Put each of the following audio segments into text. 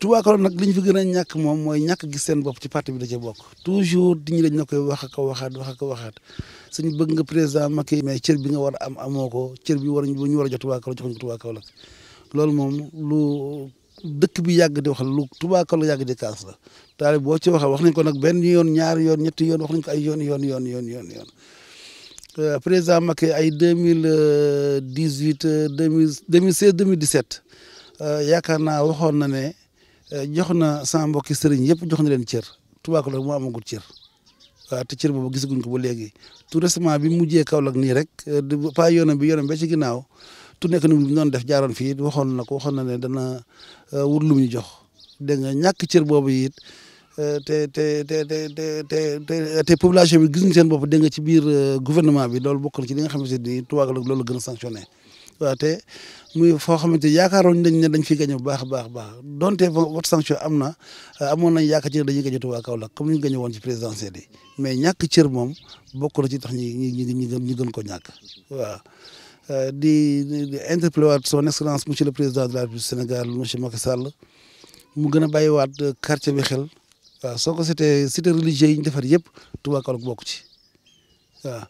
Toubacounda nag li ñu fi gën a ñàkk moom mooy ñàkk gis seen bopp ci parti bi da cee bokk toujours di ñu dañ na koy wax ak waxaat wax ak waxaat suñu bëgg nga président Macky mais cër bi nga war a am amoo ko cër bi war bu ñu war a jox Toubacounda joxuñ ko Toubacounda loolu moom lu dëkk bi yàgg di wax lu Toubacounda yàgg di kaas la taali boo ci waxee wax nañ ko nag benn yoon ñaari yoon ñetti yoon wax nañ ko ay yoon yoon yoon yoon yoon yoon euh, président Macky ay deux mille euh, dix huit euh, deux mille deux mille seize deux mille dix sept Euh, yaakaar naa waxoon na ne euh, jox na sama mbokki sëriñ yëpp jox na leen cër Tubaakaloor moo amagul cër te cër boobu gisaguñ ko ba léegi tout bi mujjee Kaolack nii rek euh, pas yoonam bi yoonam ba ci ginnaaw tout nekk nu mu doon def jaaroon fii waxoon na ko waxoon na ne dana lu ñu jox dégg ñàkk cër boobu it te te te te te te population bi gis ñu seen bopp dégg nga ci biir gouvernement bi lool bokk ci li nga xamante ni Tubaakaloor loolu gën a sanctionné. waaw te muy foo xamante yaakaaroon nañ ne dañ fi gañe bu baax a baax baax donte vote sanction am na euh, amoon nañ yaakaar ci ne dañuy gañe Touba Kaolack comme ni ñu gañe woon ci présidentielle yi mais ñàkk cër moom bokk na ci tax ñi ñi ñi ñu gën ko ñàkk waaw euh, di di interpellé waat son excellence monsieur le président de la République du Sénégal monsieur Macky mu gën a bàyyiwaat euh, quartier bi xel soo ko cité cité religieux yi ñu defar yëpp Touba Kaolack bokk ci waaw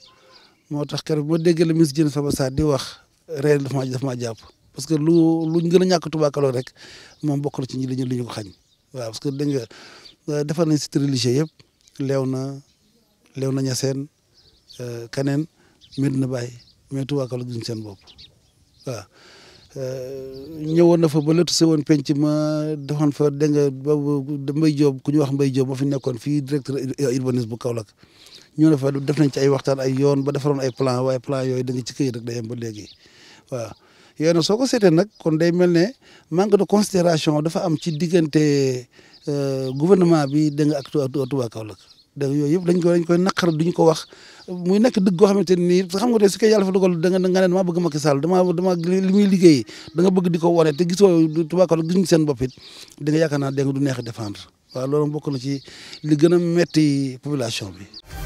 moo tax keroog boo déggee la ministre Diène Farba saa di wax. réer daf ma daf maa jàpp parce que lu luñ gën a ñàkk rek moom bokk na ci ñi li ñu li ñu ko xañ waaw parce que dégg nga euh, defar nañ site religieux yëpp leew na leew na ñaseen euh, kaneen Medina Baye mais tubaakaloo gisuñ seen bopp waaw euh, ñëwoon na fa ba lëtt se woon penc ma defoon fa dégg nga boobu Mbaye Diop ku ñu wax Mbaye Diop moo fi nekkoon fii directeur urbanisme bu Kaolack ñu ne fa def nañ ci ay waxtaan ay yoon ba defaroon ay plan ay plan yooyu da nga ci këyit ba léegi soo ko seetee nag kon day mel ne manque de considération dafa am ci diggante euh, gouvernement bi da nga ak Touba Kaolack da yooyu yëpp dañ ko dañ koy naqar ko wax muy nekk dëgg goo xamante ni xam nga tey su ko yàlla fa dogal da nga ne damaa bëgg Macky Sall damaa dama li liggéey da bëgg di ko wane te gisoo Touba Kaolack gisuñu seen bopp it da nga yaakaar naa da nga du neex a loolu bokk na ci li gën a metti population bi